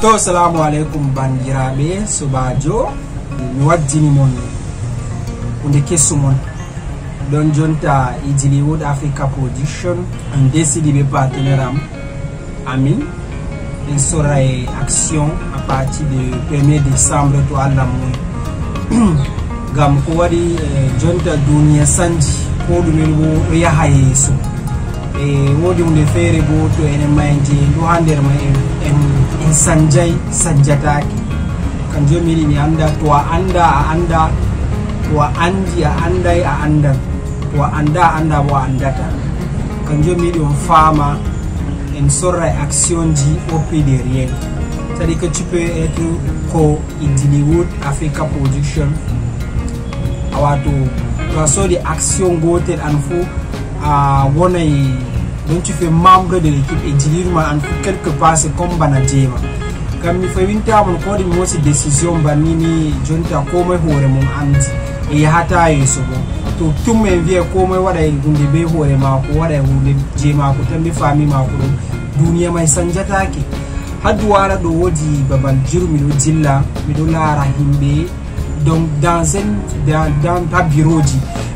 to salamu aleykum bandiraɓe subajo mi waddini mon hunde kesumon don jonta ijiliwood africa production en décidi de partenaire am amin en sora e action à partir de 1er décembre to allah moy gam ko waɗi eh, jonta dunia sanji ko ɗumen bo e wodi hunde feere bo to enen ma en je ɗo ha nder ma en sanjay sanjataki kanjum on mi yiɗi anda to anda a anda to a andi a anday a anda to anda anda a anda bo a andata kanjum mi yiɗi on faama en sorra e action ji oppi derriére c'est à que e tu peux être ko e diliwood africa production awatu wato to a soodi action gotel an fuu wonay donc tu fais membre de l'équipe et dirigement en tout quelque part c'est comme banadema kam mi fawintamon koɗemi wosi décision banini jonta mai hore mum andi e yahata yeeso bo to tum en wiya komoye waɗa hunde be hoore maako waɗa hunde je maako tan be faami maako ɗum duniya may sanjatake ha duwara do wodi babal do jilla mi do laara himbe donc dans un dans ha bureau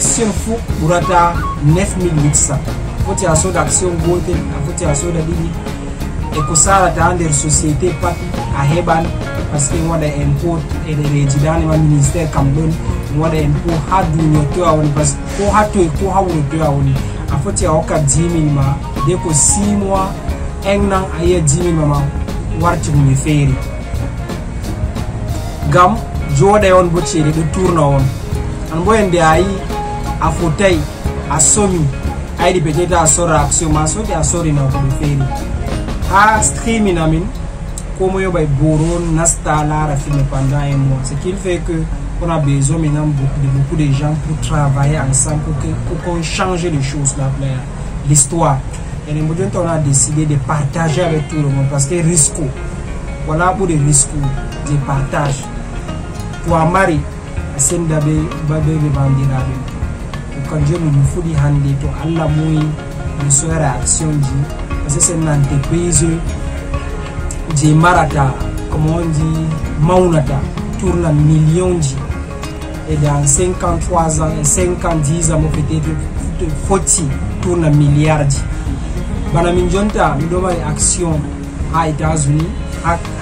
action fu ɓurata 9000 witsa foti a soda action gotel a foti a soda ɗiɗi e ko sarata ha nder société pat a heɓan par ce que waɗa en po ɗeɗereji ma ministére kam ɗon waɗa en ha duniya to a woni pas ko ha toy ko ha wuro to a woni a foti a hokka jimin ma de ko 6 mois un nan a yiya jimin ma ma warti hunde feere ngam joɗa on bo ceede ɗo tourna on an bo en de a yi à fauteuil, à somme, à a peut-être à à action à te à sori à mon feri a streami comme yo bay boro nasta lara filmé pendant un mois ce qui fait que on a besoin maintenant beaucoup de beaucoup de gens pour travailler ensemble pour que pour qu'on change les choses là l'histoire et les avons on a décidé de partager avec tout le monde parce que risque voilà pour les risques de partage pour amari asendabe babe bandirabe nous mi hande to allah muyi nous action ji parce que c'est une entreprise marata comme dit maunata tourne et dans 53 ans et 50 ans peut-être à bana jonta aksion, états-unis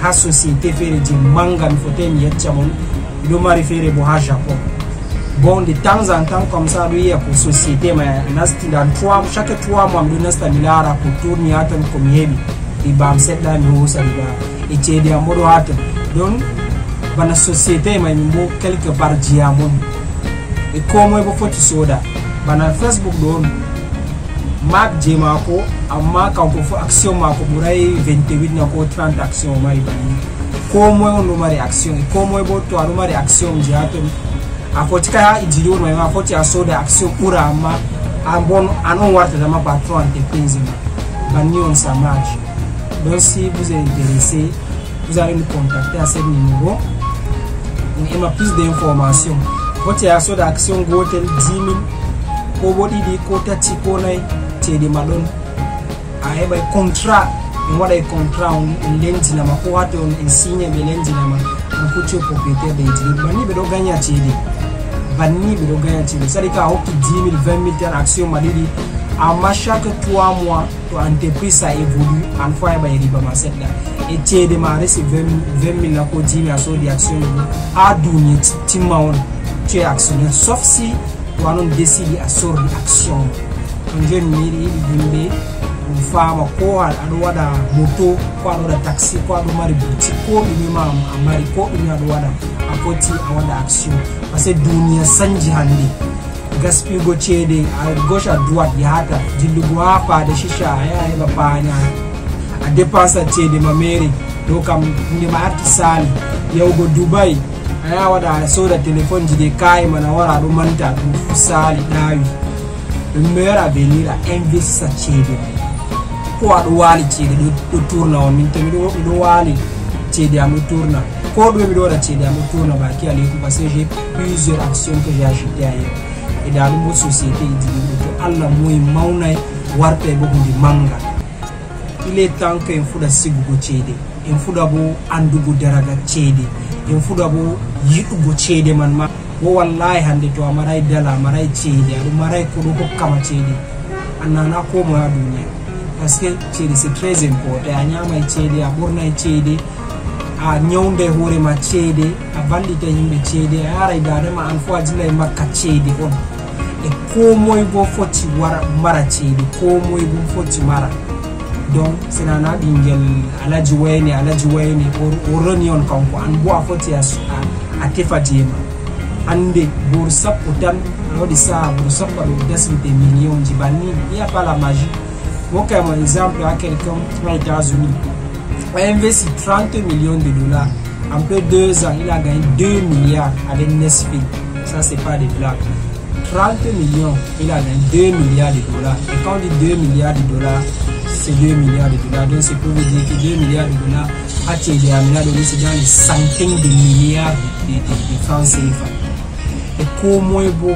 à société je manga japon bon de temps en temps comme ça lui ya kusosiyete ma nastinda chaque trois mois mdu nastamilara kuturni hatan kom heɓi ɗi bam seɗɗa mi hosaniga e ceede am oɗo hatan donc bana société may min bo quelque part jiya mon e komoye bo foti soda bana facebook ɗo on mak je mako amma kanko fo action mako ɓuray 28 na ko 30 action o mari bani komoye on ɗo mari action e komoye bo to aɗo mari action je ha afotika ya idiliwoni mame afoti asode akisi ura ama ambon anonwartata ma patron entreprise ma bani on s'amarche donc si vous êtes intéressé vous allez nous contacter à ce numéro et ma plus d'information foti asode action gotel 10 000 ko bo ɗiɗi ko tati ko nayi ceede ma ɗon a heɓay contrat en waɗay contrat on en lendinama ko hate on en signe ɓe lendinama on fuccio propriétaire de idilit banni ɓeɗo gagna ceede banni ɓe ɗo gaña cede sadi ka 10 000 20 000 actions, action ma chaque 3 mois ton entreprise sa évolue an fo a heɓa e riba ma Et tu ceede ma ces 20 000 la 10 000 actions. soodi action ɗum ha duniya actionnaire sauf si tu as décidé a sortir action on joni mi mfama ko aɗo waɗa moto ko aɗo waɗa taxi ko aɗo mari bouti ko ɗumema a mari ko ɗume aɗo waɗa a foti a waɗa action par que duniya sanji hannde gaspigo ceede a gauche a droite yahata dillugo ha faade chicha a yaha heɓa paane a dépensa ceede ma doka dow kam hunde ma arti sali yahugo dubai a yaha waɗa a soda téléphone ji de kaye man a wara aɗo manta ɗum fu sali ɗawi ɗum meyora venir a investisa ceede ma sappo aɗo waali ceeɗe ɗo tourna on min tomiɗo waali ceeɗe am ɗo tourna ko ɗume miɗo waɗa ceeɗe am ɗo tourna baki a leytu parce que j'ai plusieurs action que j'ai acheté a hen e da ɗum bo société jiɗiɗo to allah moyi mawnay warta e bo hunde manga il est temps que en fuɗa sigugo ceeɗe en fuɗa bo andugo daraga ceeɗe en fuɗa bo yiɗugo ceeɗe man ma wo wallahi hande to a maray dala a maray ceeɗe aɗo maray koɗo hokkama ceeɗe annana ko moya duniyae parce que ceede c'est très important a ñamay ceede a ɓornay ceede a ñawday hoorema ceede a vallita yimɓe ceede a yaray dadema an fo a dillay makka ceede on e ko bo foti wara mara ceede ko moye bo foti mara donc sinana ɓingel alaji wayne alaji wayne o roni on kanko an bo a foti a tefatema hande bor sappo tan a waɗi saha bor sappo ɗo dasmite millionji banni iya fala magie cas mon exemple à quelqu'un aux États-Unis a investi 30 millions de dollars. En peu deux ans, il a gagné 2 milliards avec Nesfit. Ça, c'est pas des blagues. 30 millions, il a gagné 2 milliards de dollars. Et quand on dit 2 milliards de dollars, c'est 2 milliards de dollars. Donc, c'est pour vous dire que 2 milliards de dollars à c'est dans les centaines de milliards de, de, et de francs CFA. Et comment est beau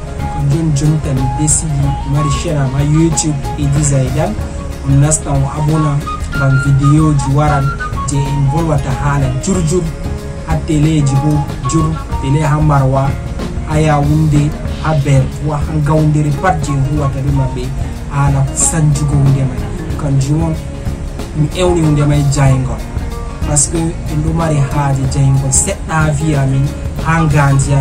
jun juntan besigi mari share ma youtube e disaidan on nastan o abona ngam videoji waran je en jur tele ha marwa ha yawunde ha bertuwa ha gawdiri pat je huwata ɓe maɓɓe haala sanjugo hunde mai kanjum mi ewni hunde mai jayngol par ce que en ɗo mari haaje jayngol seɗɗa ha wiyamin ha ganji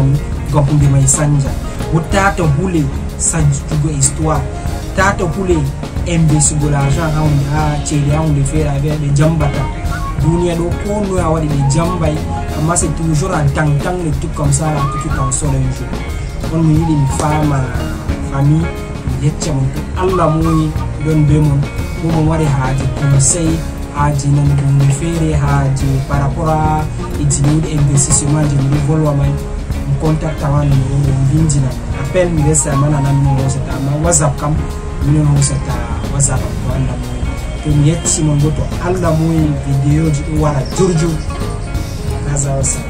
gahude may sanja bo tata hule sanjitugo histoire tata hule embe l'argent ha hunde ha ceede ha hunde feere a wiya ɓe jambata duniya ɗo ko noy a waɗi ɓe jambay amma c'est toujours en tang tang le tout comme ça la tout en solo un jour on mi yiɗi mi fama famille mi yecca mon to allah moyi don be mon mo bo mon waɗi haaje conseil haaje nanugo hunde feere haaje par rapport a e jimiɗi investissement je miɗo volwa may mi contact awa numéro mbindina appel mi ge sama na na mino ngosata ma whatsapp kam mino ngosata whatsapp ko anda mo to mi yetti mon goto allah vidéo video ji do wara jurjur kaza